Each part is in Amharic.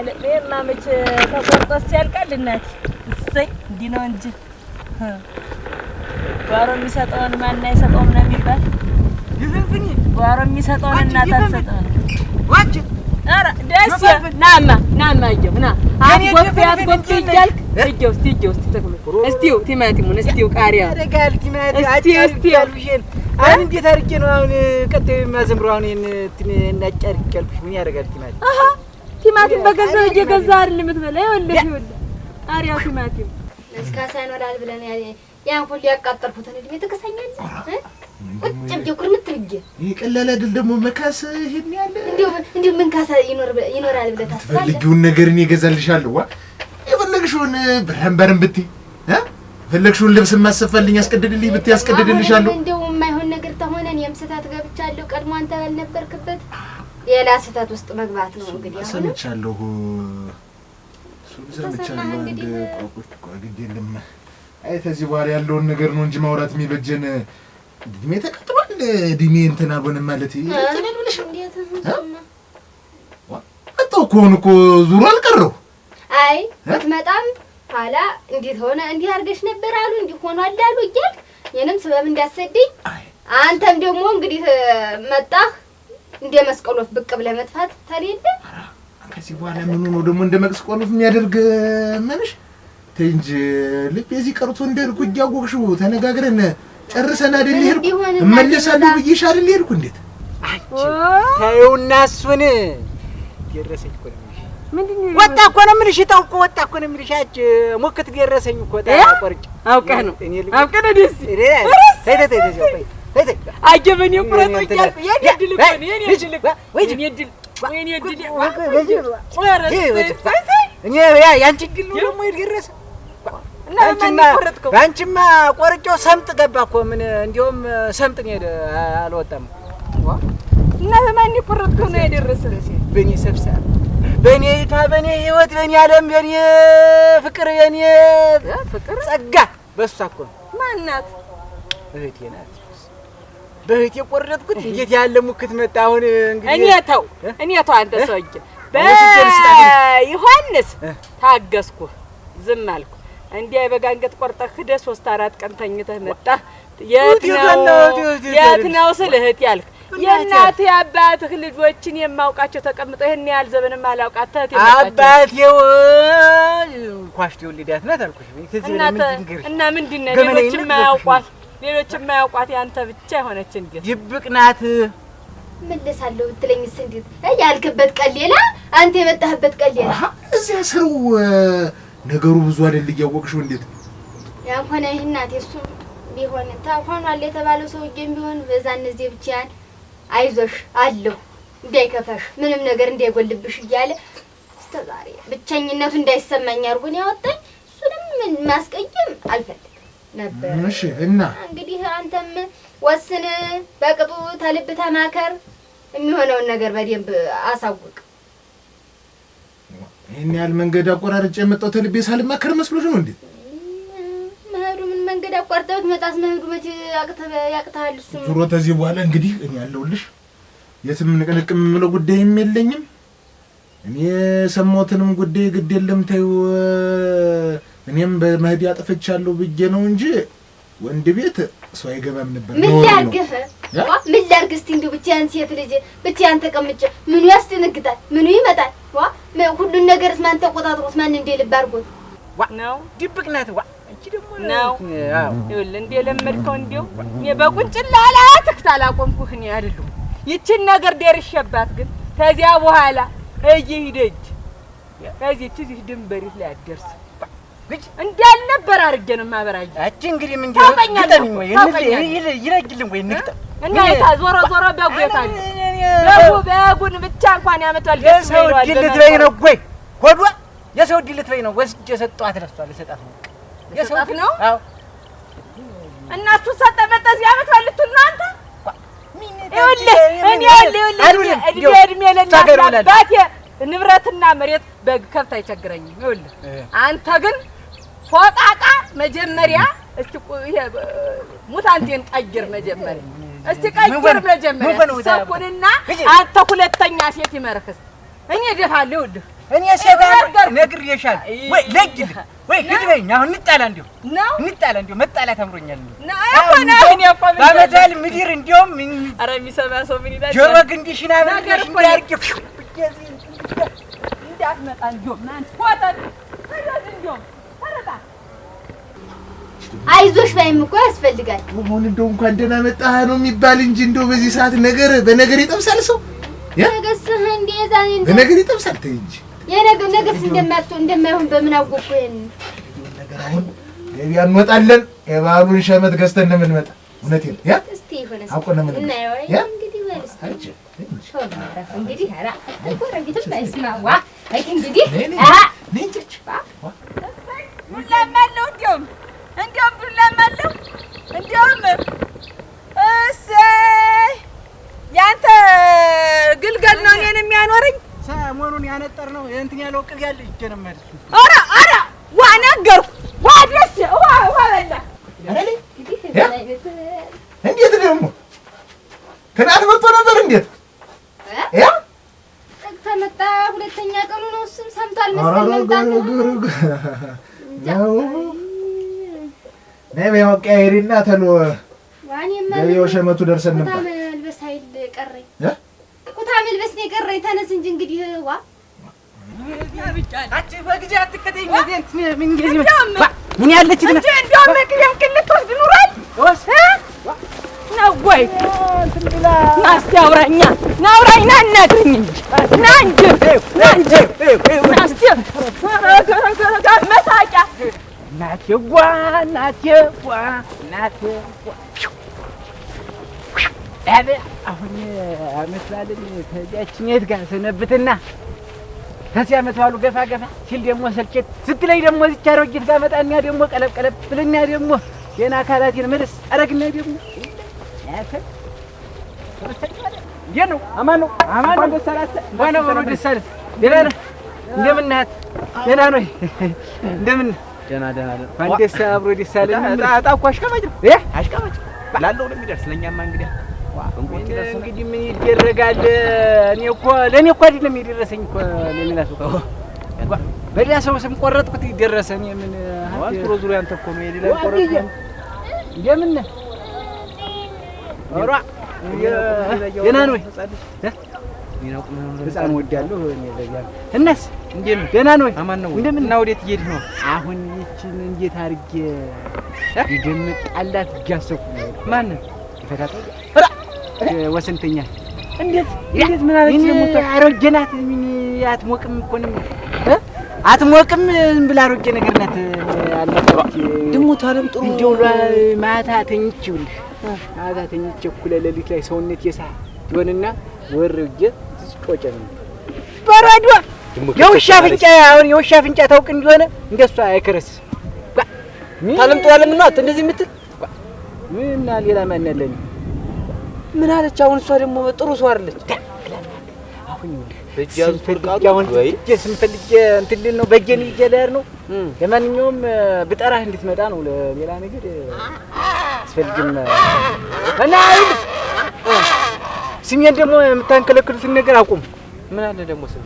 አይለቅም። ይሄማ መቼ ተቆርጦስ ያልቃል እናቴ። እሰይ እንዲህ ነው እንጂ ጓሮ የሚሰጠውን ማን አይሰጠውም ነው የሚባል። ጓሮ የሚሰጠውን እናት አትሰጠውም። ኧረ ደስ ናማ ናማ እየው ና አትጎቢ አትጎቢ እያልክ እየው እስኪ እየው እስኪ ጥቅሙ እስኪው ቲማቲሙን እስኪው ቃሪያውን እስኪው እስኪው አሁን እንዴት አድርጌ ነው አሁን ቀጣዩ የማዘምረው? አሁን ይሄን እንትን እናጫርቅ ያልኩሽ ምን ያደርጋል ቲማቲም ቲማቲም በገንዘብ እየገዛ አይደል የምትበላ? ይኸውልህ ይኸውልህ፣ አሪያ ቲማቲም መስካሳ ይኖራል ብለን ያን ሁሉ ያቃጠልኩትን እድሜ ትከሳኛለህ? ቁጭ ብዬ ኩርምት ብዬ ይሄ ቀላል አይደል ደግሞ መካስ። ይሄን ያለ እንዲሁ እንዲሁ ምን ካሳ ይኖራል ብለህ ታስባለህ? ፈልጊውን ነገር እኔ እገዛልሻለሁ። ዋ የፈለግሽውን ብርሃን በርን ብትይ የፈለግሽውን ልብስ ማሰፋልኝ ያስቀድድልኝ ብትይ ያስቀድድልሻለሁ። እንደው የማይሆን ነገር ተሆነ እኔም ስታት ገብቻለሁ። ቀድሞ አንተ ያልነበርክበት ሌላ ስህተት ውስጥ መግባት ነው። እንግዲህ ሰምቻለሁ ሰምቻለሁ። አንድ ቆቆች ግድ የለም። አይ ከዚህ በኋላ ያለውን ነገር ነው እንጂ ማውራት የሚበጀን። እድሜ ተቀጥሏል። እድሜ እንትን አልሆነም ማለት መጣሁ እኮ ዙሮ አይ ብትመጣም ኋላ እንዴት ሆነ እንዲህ አድርገሽ ነበር አሉ እንዲህ እያልክ እኔንም ስበብ አንተም ደግሞ እንግዲህ መጣህ እንደ መስቀል ወፍ ብቅ ብለህ መጥፋት ታዲያ ከዚህ በኋላ ምን ሆኖ ደግሞ እንደ መስቀል ወፍ የሚያደርግ ምንሽ ተይ እንጂ ልቤ እዚህ ቀርቶ እንደ ልኩ እያወቅሽው ተነጋግረን ጨርሰን አይደል ይሄድኩ እመለሳለሁ ብዬሽ አይደል ይሄድኩ። እንዴት ተይውና እሱን ደረሰኝ እኮ ወጣ እኮ ነው የምልሽ። እጣው እኮ ወጣ እኮ ነው የምልሽ። አንቺ ሞክት ገረሰኝ እኮ ታቆርጭ አውቀህ ነው አውቀህ ነው ደስ አጀበኔ ቁረጦ በአንቺማ ቆርጬው ሰምጥ ገባ እኮ ምን እንዲያውም ሰምጥ ነው የሄደ አልወጣም እና በማን የቆረጥከው ነው ያደረሰህ በእኔ ሰብሰብ በእኔ እይታ በእኔ ህይወት በእኔ አለም በእኔ ፍቅር በእኔ ጸጋ በእሷ እኮ ነው ማናት እህቴ ናት በህቴ ቆረጥኩት። እንዴት ያለ ሙክት መጣ! አሁን እንግዲህ እኔ ተው እኔ ተው አንተ ሰውዬ በዮሐንስ ታገስኩ ዝም አልኩ። እንዲህ የበጋ አንገት ቆርጠህ ሂደህ ሶስት አራት ቀን ተኝተህ መጣ። የት ነው የት ነው ስልህት ያልክ የእናት አባትህ ልጆችን የማውቃቸው ተቀምጠው ይህን ያህል ዘመንም አላውቃት ተህት አባቴው ኳሽቴው ልዳት ናት አልኩሽ እና ምንድን ነው ሌሎችም አያውቋት ሌሎች የማያውቋት ያንተ ብቻ የሆነች እንግዲህ ድብቅ ናት። እመለሳለሁ ብትለኝስ እንዴት ያልክበት ቀን ሌላ፣ አንተ የመጣህበት ቀን ሌላ። እዚያ ስሩ ነገሩ ብዙ አይደል እያወቅሽው እንዴት ነው? ያም ሆነ ይህ እናቴ እሱም ቢሆን ታሆኗል የተባለው ሰውዬም ቢሆን በዛ እነዚህ ብቻያን አይዞሽ አለሁ እንዳይከፋሽ ምንም ነገር እንዳይጎልብሽ እያለ እስከ ዛሬ ብቸኝነቱ እንዳይሰማኝ አርጉን ያወጣኝ። እሱንም ማስቀየም አልፈልግም። ነበር። እሺ እና እንግዲህ አንተም ወስን፣ በቅጡ ተልብ ተማከር፣ የሚሆነውን ነገር በደንብ አሳውቅ። ይህን ያህል መንገድ አቆራርጬ የመጣሁት ሳልማከር መስሎሽ ነው እንዴ? መሄዱ ምን መንገድ መሄዱ መቼ ያቅተሃል? ዙሮ ተዚህ በኋላ እንግዲህ እኔ የትም ንቅንቅ የምለው ጉዳይም የለኝም። እኔ የሰማሁትንም ጉዳይ ግድ የለም ተይው እኔም በመህዲ አጥፍቻለሁ ብዬ ነው እንጂ ወንድ ቤት ሰው አይገባም ነበር። ምን ላድርግህ? ምን ላድርግ? እስቲ እንዲሁ ብቻዬን ሴት ልጅ ብቻዬን ተቀምጬ ምኑ ያስደነግጣል? ምኑ ይመጣል? ዋ ሁሉን ነገርስ ማን ተቆጣጥሮት? ማን እንደ ልብ አድርጎት ነው? ድብቅ ናት። ዋ እቺ ደግሞ ነው። ይኸውልህ እንደ ለመድከው እንዲሁ እኔ በቁንጭላ አላትክት አላቆምኩህ እኔ አይደለሁም ይችን ነገር ደርሼባት፣ ግን ከዚያ በኋላ እየሄደች ከዚህ ትዚህ ድንበሪት ላይ አትደርስም ግጭ እንዳልነበር አድርጌ ነው የማበራኝ። አንቺ እንግዲህ ምን ግጠሚኝ ወይ ይለግልኝ ወይ ንግጠም እና የታ ዞሮ ዞሮ በጉ የታ በጉ በጉን ብቻ እንኳን ያመቷል። የሰው ድል ልትበይ ነው ወይ ሆዷ የሰው ድል ልትበይ ነው ወስጄ የሰጠኋት እረሷል። የሰጣት ነው የሰጣት ነው። አዎ እና እሱ ሰጠ መጠዝ ያመቷል ልትል ነው አንተ ንብረትና መሬት በግ ከብት አይቸግረኝም። ይኸውልህ አንተ ግን ፎቃቃ መጀመሪያ እስቲ ይሄ ሙታንቴን ቀይር መጀመሪያ እስቲ ቀይር መጀመሪያ ሰኩንና አንተ ሁለተኛ ሴት ይመርክስ እኔ ደፋለሁ እኔ ሰባር ነግሬሻል ወይ ለግል ወይ ግድ አሁን እንጣላ እንዲሁ እንጣላ እንዲሁ መጣላት አምሮኛል። በመታል ምድር እንዲሁም ኧረ የሚሰማ ሰው ምን ይላል? ጆሮ ግንዲሽና ነገር እኮ ያርቂ እንዲሁም ማን ወጣ እንዲሁም አይዞሽ ባይም እኮ ያስፈልጋል። አሁን እንደው እንኳን ደህና መጣህ ነው የሚባል እንጂ እንደው በዚህ ሰዓት ነገር በነገር ይጠብሳል ሰው ነገስህ እንደ የዛኔ በነገር ይጠብሳል። ተይ እንጂ የነገር ነገስ እንደማትሆን እንደማይሆን በምን አውቆኩ ይሄን ነገር አሁን ገበያ እንወጣለን። የባሉን ሸመት ገዝተን ነው የምንመጣ። እውነቴን ያ እስቲ ይሆነ አውቆ ነው ምን ያ እንግዲህ ወይስ አጭ እንግዲህ አራ ጎረቤትም አይስማዋ አይ እንግዲህ አ ነንጭ ባ ሁላም አለው እንደውም እንዲያውም ዱላም እንዲያውም እሰይ ያንተ ግልገል ነው እኔን የሚያኖረኝ። ሰሞኑን ያነጠር ነው እንትን ያለው ቅል ያለ ዋ ነገርኩ ዋ ደስ ዋ ዋ በላ እንዴት ደግሞ ትናንት መጥቶ ነበር። እንዴት ሁለተኛ ቀኑ ነው። እሱም ሰምቷል መሰለኝ ነው ነይ በይ አሁን ተሎ ሸመቱ ደርሰን ነበር። መልበስ ቀረኝ እ ቁታ መልበስ ነው የቀረኝ። ተነስ እንጂ እንግዲህ ዋ ምን ያለች አውራኛ ና እናግረኝ እንጂ ና እንጂ ና እንጂ ና እናቴ ጓ እናቴ ጓ እናቴ ጓ አሁን አመት በዓልን ተዚያችን የት ጋር ሰነብትና አመት በዓሉ ገፋ ገፋ ሲል ደግሞ ሰልቸት ስትለኝ ደግሞ እዚች አሮጊት ጋር መጣና ደግሞ ቀለብ ቀለብ ብልና ደግሞ ገና አካላቴን አረግና ደግሞ እንዴት ነው? አማን ነው? አማን ነው። ደስ ደስ ደህና ነህ? እንደምን ናት? ደህና ነው። እንደምን ደህና ደህና ፋንዴሳ አብሮ ደስ ያለኝ እጣ እኮ አሽቀመጭ ነው እ አሽቀመጭ ላለው ነው የሚደርስ። ለእኛማ እንግዲህ እንግዲህ ምን ይደረጋል። እኔ እኮ ለእኔ እኮ አይደለም የደረሰኝ እኮ ለሚላሱ ሰው በሌላ ሰው ስም ቆረጥኩት ይደረሰ እኔ ምን ዙሮ ዙሮ ያንተ እኮ ነው የሌላ ቆረጥኩት እንደምን ደህና ነው ወይ ህፃን ወዳለሁ እናስ እንደምን ደህና ነው? አማን ነው? እንደምን እና ወዴት እየሄድህ ነው? አሁን ይችን እንዴት አድርጌ ይደምጣላት እያሰብኩ ነው። ማንን ይፈታት ወሰንተኛ እንዴት እንዴት ምን አለች? አሮጌ ናት። ምን አትሞቅም እኮ ነው አትሞቅም ብላ አሮጌ ነገር ናት። አለች ደግሞ ታለም ጥሩ እንደው ማታ ተኝቼ ማታ ተኝቼ እኩለ ሌሊት ላይ ሰውነት የሳ ትሆንና ወርጄ ጮጬ ነው በራዷ የውሻ ፍንጫ። አሁን የውሻ ፍንጫ ታውቅ እንደሆነ እንደሷ አይከረስ ታለምጧለም እና እንደዚህ የምትል እና ሌላ ማን ያለኝ ምን አለች? አሁን እሷ ደግሞ ጥሩ ሰው አይደለች። አሁን እንትን ልል ነው በእጄን ይዤ ነው። ለማንኛውም ብጠራህ እንድትመጣ ነው። ለሌላ ነገር አስፈልግም እና ስሜን ደግሞ የምታንከለክሉትን ነገር አቁም። ምን አለ ደግሞ ስሜ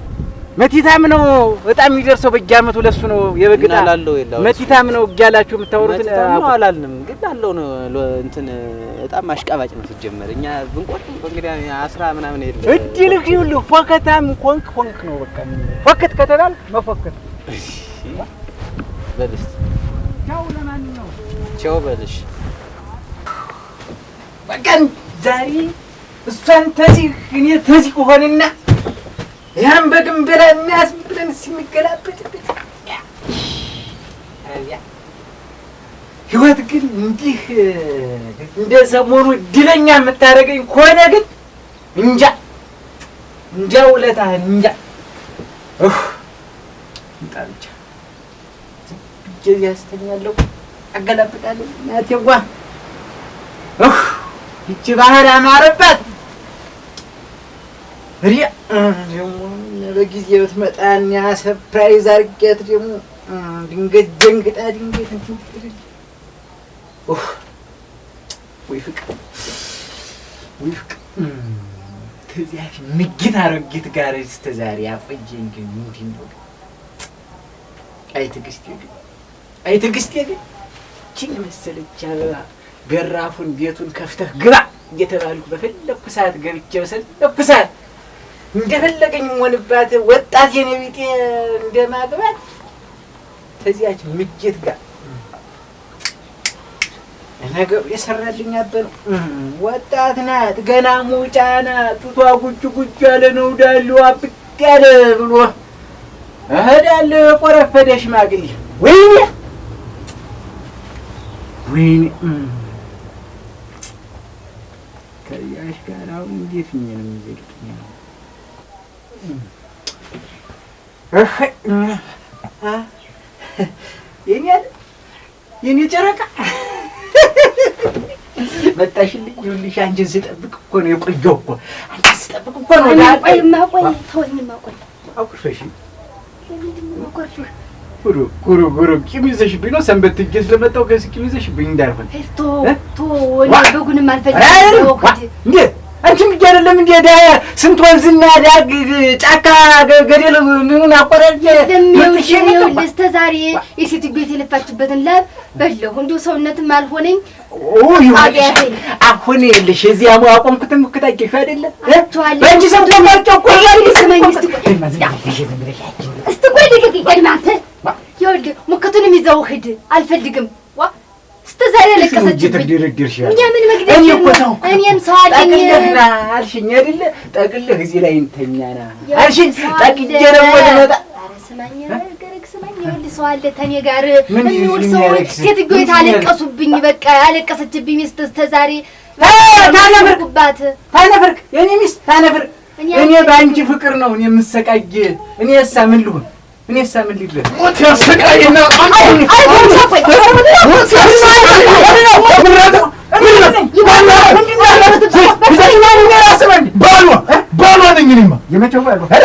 መቲታም ነው በጣም የሚደርሰው በእጅ አመቱ ለሱ ነው ይላል። መቲታም ነው እያላችሁ የምታወሩት ነው አላልንም፣ ግን አለው ነው እንትን በጣም አሽቃባጭ ነው ሲጀመር። እኛ ብንቆጥ እንግዲህ አስራ ምናምን የለ እድልህ ይሁሉ ፎከታም ኮንክ ኮንክ ነው በቃ ፎከት ከተላል መፎከት በልሽ ቻው፣ ነው ቻው በልሽ በቃ ዛሬ እሷን ተዚህ እኔ ተዚህ ከሆንና ያን በግን ብላ እናያዝ ብለን ሲሚገላበጥበት ህይወት ግን እንዲህ እንደ ሰሞኑ እድለኛ የምታደርገኝ ከሆነ ግን እንጃ እንጃ ውለታህን እንጃ በጣም ብቻ ብዬ ያስተኛለሁ፣ አገላብጣለሁ ናቴዋ ይቺ ባህር ያማረባት ሪያ ደግሞ በጊዜ ብትመጣ እና ሰፕራይዝ አድርጌያት ደግሞ ድንገት ደንግጣ ድንገት እንትን ወይ ፍቅር ወይ ፍቅር ከዚያ ጋር እስከ ዛሬ አፈጀ እንጂ ምንድን ነው? አይ ትዕግስቴ ግን አይ ትዕግስቴ ግን ችን አበባ ገራፉን ቤቱን ከፍተህ ግባ እየተባልኩ በፈለግኩ ሰዓት ገብቼ በፈለግኩ ሰዓት እንደፈለገኝ የምሆንባት ወጣት የኔ ቢጤ እንደማግባት ተዚያች ምጀት ጋር ነገሩ የሰራልኝ አበረ ወጣት ናት ገና ሙጫ ናት። ጡቷ ጉጅ ጉጅ ያለ ነው ዳሉ አብቅ ያለ ብሎ እህዳለ ቆረፈደ ሽማግሌ ወይኔ ወይኔ የትኛው ነው የሚሄዱት? የኔ የኔ ጨረቃ መጣሽልኝ። ይኸውልሽ አንቺን ስጠብቅ እኮ ነው የቆየው እኮ አንቺን ስጠብቅ እኮ ነው። ቆይ ተወኝማ ቆይ አቁርፈሽ አቁርፈሽ ጉሩ ጉሩ ጉሩ ቂም ይዘሽብኝ ነው። ሰንበት ትጄ ስለመጣሁ ከዚህ ቂም ይዘሽብኝ እንዳልሆነ ቶ ቶ ወደ በጉንም አልፈጭ እንዴት ልጅ አይደለም እንዴ? ዳ ስንት ወንዝና ዳግ ጫካ ገደል ምኑን አቆረል እስከ ዛሬ የሴት ቤት የለፋችበትን ላብ በለው እንዲሁ ሰውነትም አልሆነኝ። አሁን ይኸውልሽ እዚህ አቆምኩትም እክታጀሽ አይደለም በእንጂ ሰው ተማርጨቆ እስቲ ቆይ ልቅቅ ይቀድማንተ ይኸውልህ ሙክቱንም ይዘው ሂድ አልፈልግም ዛሬ ለቀሰችብኝ። ምን መግደል ሰው አለ ተኔ ጋር የሚውል ሰው። ሴትዮ አለቀሱብኝ። በቃ አለቀሰችብኝ ሚስት እስከ ዛሬ ታነፍርቅባት፣ ታነፍርቅ የኔ ሚስት ታነፍርቅ። እኔ በአንቺ ፍቅር ነው እኔ የምሰቃየ። እኔ እሳ ምን ልሁን እኔ ሳምልል ሞት ያሰቃየና ባሏ ባሏ ነኝ እኔማ የመቼው ባሏ ኧረ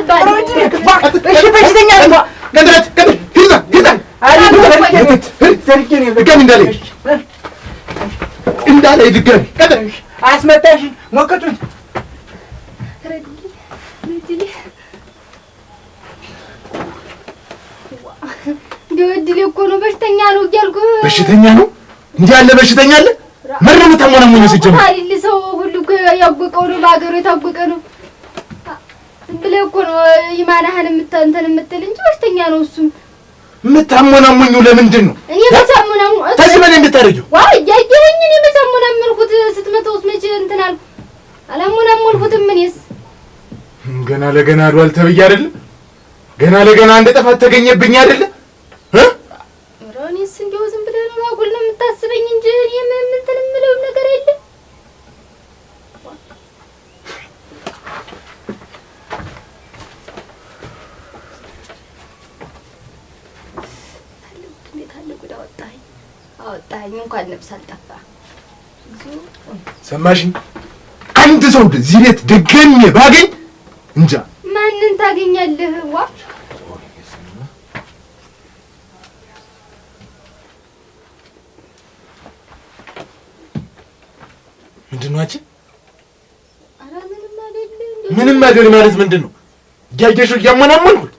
እባክህ በሽተኛ በሽተኛ ገንድረት ገንድረት ሂድ ሂድ ድጋሚ እንዳላይ ድጋሚ አስመጣሽ ሞቅቱኝ በሽተኛ ነው እንዲህ ያለ በሽተኛ አለ። ምን ምንም ተሞነሞኝ ሲጀምር አይል ሰው ሁሉ እኮ ያወቀው ነው፣ በሀገሩ የታወቀ ነው ብለህ እኮ ነው ይማናህን እንትን የምትል እንጂ በሽተኛ ነው እሱ። የምታሞናሙኙ ለምንድን ነው? እኔ መታሞናሙ ታዚህ ምን የምታደርጊው? ዋይ ያየኸኝ እኔ መታሞናመልኩት ስትመጣውስ መቼ እንትን አልኩ አላሞናመልኩትም። እኔስ ገና ለገና አድዋል ተብዬ አይደለም ገና ለገና እንደ ጠፋት ተገኘብኝ አይደለም ሳልጠፋ አንድ ሰው እዚህ ቤት ባገኝ እንጃ ማንን ታገኛለህ? ዋ ምንድን ነው አንቺ? ምንም አይደል ማለት ምንድን ነው? እያየሽው እያመናመንኩት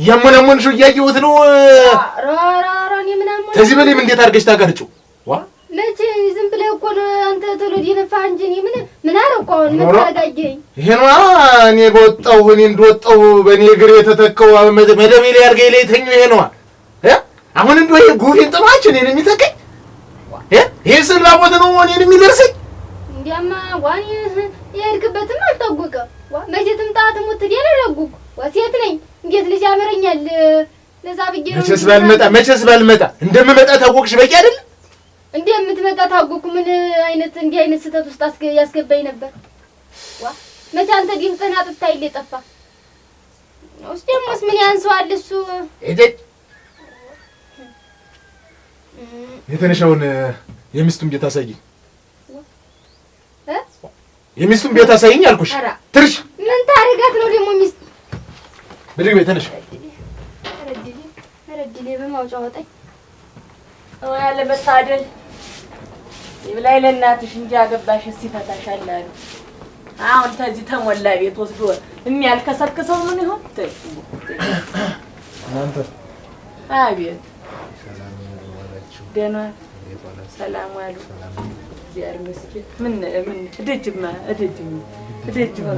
እያመናመንሽው እያየሁት ነው። ተዚህ ምን እንዴት አድርገሽ ታቀርጪው መቼ ዝም ብለህ እኮ ነው አንተ ቶሎ ዲነፋ እንጂ ምን ምን ምን እኔ በወጣሁ እኔ እንደወጣሁ በእኔ እግር የተተከው መደሜ ላይ ላይ ተኙ። ይሄ አሁን እንደው ይሄ ጉፊን ጥሏች እኔን ይሄ ነው እኔን የሚደርሰኝ። እንዲያማ የሄድክበትም መቼ ትምጣ ትሙት ነኝ እንዴት ልጅ ለዛ ብዬ ነው መቼስ ባልመጣ መቼስ ባልመጣ እንደምመጣ ታወቅሽ በቂ አይደል እንዴ የምትመጣ ታጎኩ ምን አይነት እንዲህ አይነት ስህተት ውስጥ አስገ ያስገባኝ ነበር። ዋ መቼ አንተ ድምፅህን አጥፍተህ አይደል የጠፋ ውስጥ ደግሞስ ምን ያንሰዋል እሱ ሄደች የተነሻውን የሚስቱን ቤት አሳይኝ የሚስቱን ቤት አሳይኝ አልኩሽ። ትርሽ ምን ታደርጋት ነው ደግሞ ሚስት ብድግ ቤት ተነሽ። ረድሌ በማውጫ ወጣኝ ያለ መታደል ይብላኝ ለእናትሽ እንጂ አገባሽ ሲፈታሻል አሉ። አሁን ተዚህ ተሞላ ቤት ወስዶ የሚያልከሰክሰው ምን ይሆን? እናንተ አቤት፣ ደህና ሰላም አሉ። እግዚአብሔር ይመስገን። ምን ምን እደጅማ እደጅማ እደጅማ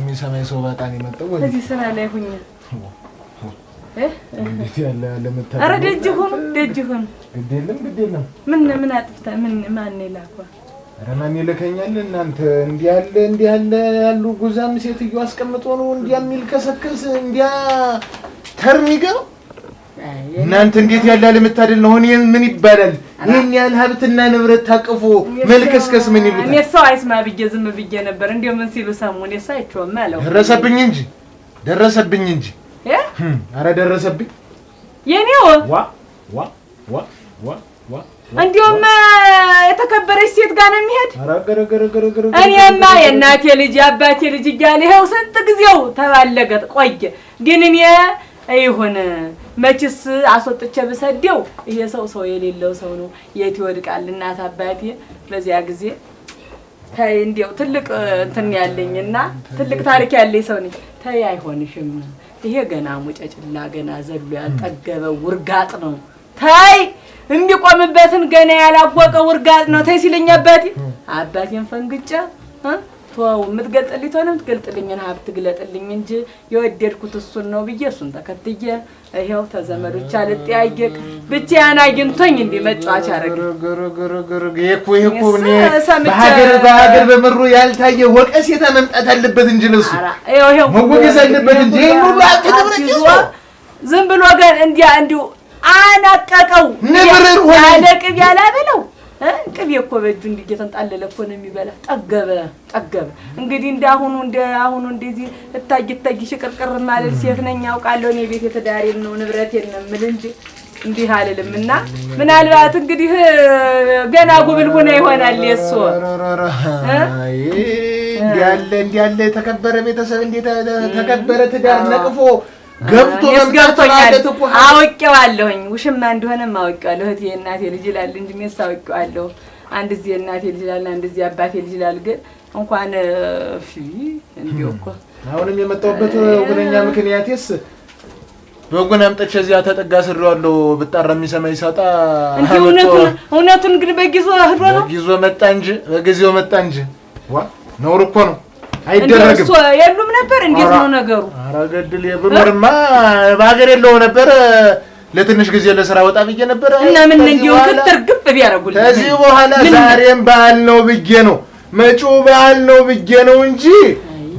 የሚሰማኝ ሰው ባጣን የመጣው እዚህ ስራ ላይ ሁኛ ኧረ ደጅ ሁኑ ደጅ ሁኑ። ግድ የለም ግድ የለም። ምን ምን አጥፍታ ምን ማን ማን ይልከኛል? እናንተ እንዲህ ያለ እንዲህ ያለ ያሉ ጉዛም ሴትዮ አስቀምጦ ነው እንዲያ እንዲያ እናንተ እንዴት ያለ አለመታደል ነው። ምን ይባላል ይህን ያህል ሀብትና ንብረት ታቅፎ መልከስከስ ምን ይሉታል? እኔ ሰው አይስማ ብዬ ዝም ብዬ ነበር። እንዲያው ምን ሲሉ ሰሙን? አይቼውም አለው። ደረሰብኝ እንጂ ደረሰብኝ እንጂ ኧረ ደረሰብኝ የኔው ዋ ዋ ዋ ዋ ዋ እንዲሁም የተከበረች ሴት ጋር ነው የሚሄድ። እኔማ የእናቴ ልጅ የአባቴ ልጅ እያለ ይኸው ስንት ጊዜው ተባለገ ቆየ። ግን እኔ ይሁን መችስ አስወጥቼ ብሰደው ይሄ ሰው ሰው የሌለው ሰው ነው፣ የት ይወድቃል እናት አባቴ በዚያ ጊዜ ተይ እንዲያው ትልቅ እንትን ያለኝ እና ትልቅ ታሪክ ያለኝ ሰው ነኝ። ተይ አይሆንሽም። ይሄ ገና ሙጨጭላ ገና ዘሎ ያልጠገበ ውርጋጥ ነው። ተይ የሚቆምበትን ገና ያላወቀ ውርጋጥ ነው። ተይ ሲለኝ አባቴ አባቴን ፈንግጬ ተወው የምትገልጥልኝ ተሆነ የምትገልጥልኝን ሀብት ግለጥልኝ እንጂ የወደድኩት እሱን ነው ብዬ እሱን ተከትዬ ይኸው ተዘመዶች አልጠያየቅ ብቻዬን አግኝቶኝ እንዲህ መጫወቻ አደረገኝ። በሀገር በምሩ ያልታየ ወቀሴታ መምጣት አለበት እንጂ ልብሱ መወገዝ አለበት እንጂ ዝም ብሎ ገን እንዲያ እንዲሁ አናቀቀው ንብርር ያለ ቅቤ ያላበለው ቅቤ እኮ በእጁ እንዲህ እየተንጣለለ እኮ ነው የሚበላ። ጠገበ ጠገበ። እንግዲህ እንደ አሁኑ እንደ አሁኑ እንደዚህ እታጅ እታጅ ሽቅርቅር ማለት ሴት ነኝ አውቃለሁ። እኔ ቤት የተዳሬን ነው ንብረት የምል እንጂ እንዲህ አልልም። እና ምናልባት እንግዲህ ገና ጉብል ሆነ ይሆናል የሱ እንዲያለ እንዲያለ የተከበረ ቤተሰብ እንዴ ተከበረ ትዳር ነቅፎ ገብቶ ገብቶኛል። አውቄዋለሁኝ ውሽማ እንደሆነም አውቄዋለሁ። እህቴ እናቴ ልጅ ይላል እንጂ እኔስ አውቄዋለሁ። አንድ እዚህ እናቴ ልጅ ይላል፣ አንድ እዚህ አባቴ ልጅ ይላል። ግን እንኳን እንዲያው እኮ አሁንም የመጣሁበት ሁነኛ ምክንያቴስ በጎን አምጠች እዚያ ተጠጋ ስሬዋለሁ። ብጣራ የሚሰማ ይሳጣ። እውነቱን ግን በጊዞ ህዶ ነው በጊዞ መጣ እንጂ በጊዜው መጣ እንጂ ዋ ነውር እኮ ነው። አይደረግም። የሉም ነበር። እንዴት ነው ነገሩ? ኧረ ገድል ብኖርማ በሀገር የለው ነበር። ለትንሽ ጊዜ ለስራ ወጣ ብዬ ነበር እና ምን እንዲሁ ክትር ግፍ ቢያደርጉልኝ ከዚህ በኋላ ዛሬም በዓል ነው ብዬ ነው መጪው በዓል ነው ብዬ ነው እንጂ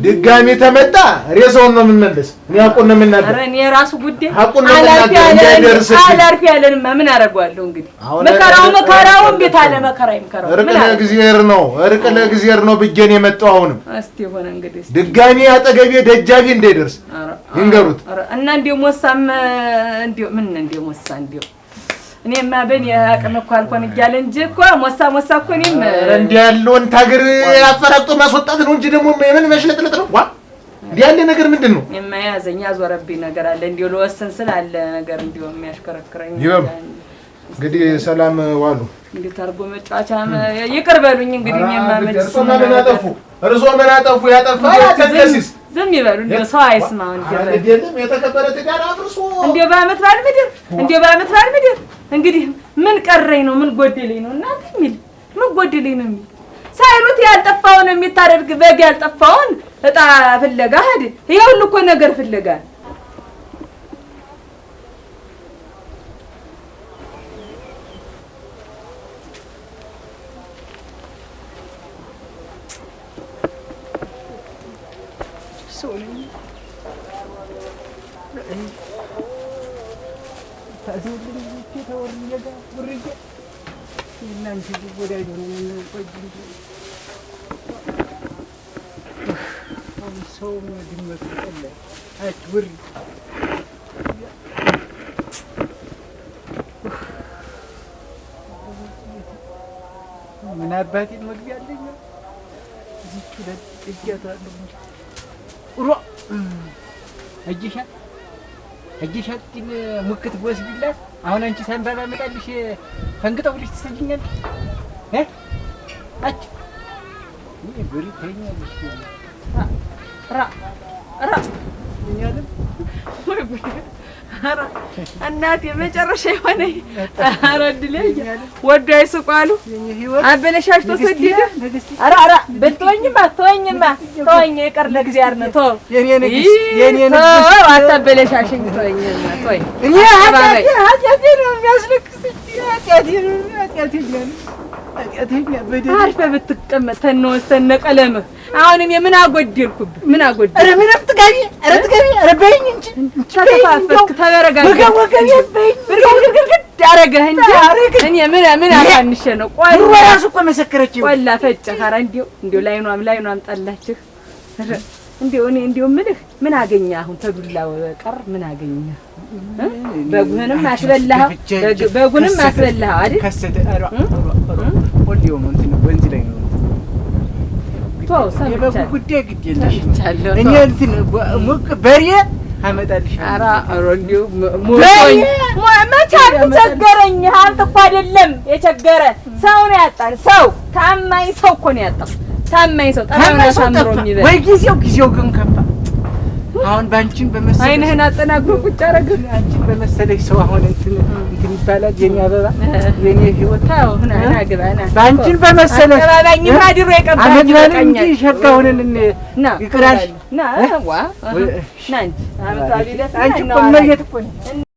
ድጋሚ ተመጣ ሬሳውን ነው የምንመለስ። እኔ ሀቁን ነው የምናገር። እኔ ራሱ ጉዳይ ሀቁን ነው የምናገር። እንዳይደርስሽ አላርፍ ያለንማ ምን አደርገዋለሁ እንግዲህ። መከራው መከራው እንዴት አለ መከራ ይምከራው። እርቅ ለእግዚአብሔር ነው፣ እርቅ ለእግዚአብሔር ነው ብዬሽ ነው የመጣው። አሁንም እስቲ ሆነ እንግዲህ ድጋሚ አጠገቤ ደጃፊ እንዳይደርስ ይንገሩት እና እንደው ሞሳም እንደው ምን እንደው ሞሳ እንደው እኔማ በእኔ አቅም እኮ አልሆን እያለ እንጂ እኮ ሞሳ ሞሳ እኮ እኔም እንዲህ ያለውን ታገር አፈራግጦ ማስወጣት ነው እንጂ ደግሞ የምን መሽለጥለጥ ነው? ዋ እንዲህ ያለ ነገር ምንድን ነው? እኔማ ያዘኝ ያዞረብኝ ነገር አለ። እንዲሁ ልወስን ስል አለ ነገር እንዲሁ የሚያሽከረክረኝ ይበሉ። እንግዲህ ሰላም ዋሉ። እንዲህ ታርጎ መጫወቻ ይቅር በሉኝ። እንግዲህ እኔማ መጭ ርሶ ምን አጠፉ? ርሶ ምን አጠፉ? ያጠፋ ተንከሲስ ዝም ይበሉ። እንደው ሰው አይስማ። እንደው የተከበረ ትዳር አፍርሶ እንደው በዓመት በዓል ምድር እንደው በዓመት በዓል ምድር እንግዲህ ምን ቀረኝ ነው ምን ጎደለኝ ነው እናንተ የሚል ምን ጎደለኝ ነው የሚል ሳይሉት ያልጠፋውን የሚታደርግ በግ ያልጠፋውን እጣ ፍለጋ ሄድ ይሄ ሁሉ እኮ ነገር ፍለጋ من أباتي المقبي عندنا زي كده إجيات عندنا روح أجيشان أجيشان تين مكة بوس بالله አሁን አንቺ ሳንባባ መጣልሽ ፈንግጠው ልጅ ትሰጂኛለሽ እ አጭ ይሄ ብሪ ተኛልሽ ራ ራ እኛንም ወይ ብሪ እናቴ መጨረሻ የሆነ ኧረ እድሌ ወዶ አይስቁ አበለሻሽቶ ሰደደ። ኧረ ኧረ በል ተወኝማ፣ ተወኝማ፣ ይቅር ለእግዚአብሔር ነው። ተወው፣ አታበለሻሽኝ። ተወኝማ፣ ተወኝ። እኔ ኃጢአቴ ነው የሚያስለቅስኝ፣ ኃጢአቴ ነው፣ ኃጢአቴ ነው አርፈህ ብትቀመጥ ተነወስ ተነቀለምህ። አሁን እኔ ምን አጎደልኩብህ? ምን አጎደልኩ? ኧረ ምንም ትገቢ፣ ኧረ ትገቢ፣ ኧረ በይኝ እንጂ ተተፋፈስክ፣ ተበረጋጋ። አደረገህ እንጂ እኔ ምን ምን አሳንሼ ነው? ቆይ እራሱ እኮ መሰከረች። ቆላ ፈጨ ኧረ እንዲሁ እንዲሁ ላይኗም ላይኗም ጠላችህ። እንዲሁ እኔ እንዲሁ የምልህ ምን አገኘህ አሁን? ተዱላ ቀር ምን አገኘህ? በጉህንም አስበላኸው፣ በጉንም አስበላኸው አይደል? ቆንጆ ነው። እንትን ወንዝ ላይ ነው። የበጉ ጉዳይ ግድ የለሽ። እኔ እንትን ሙቅ በሬ አመጣልሻለሁ። መቼ አልኩ ቸገረኝ። ሀብት እኮ አይደለም የቸገረ ሰው ነው ያጣን። ሰው ታማኝ ሰው እኮ ነው ያጣው። ታማኝ ሰው ወይ ጊዜው ጊዜው ግን ከፋ። አሁን በአንቺን በመሰለሽ አይንህን አጠናግሮ ቁጭ አደረግህ። አንቺን በመሰለሽ ሰው አሁን እንትን ምግብ ይባላል የኔ አበባ የኔ ህይወት። በአንቺን በመሰለ አመት ባል እንጂ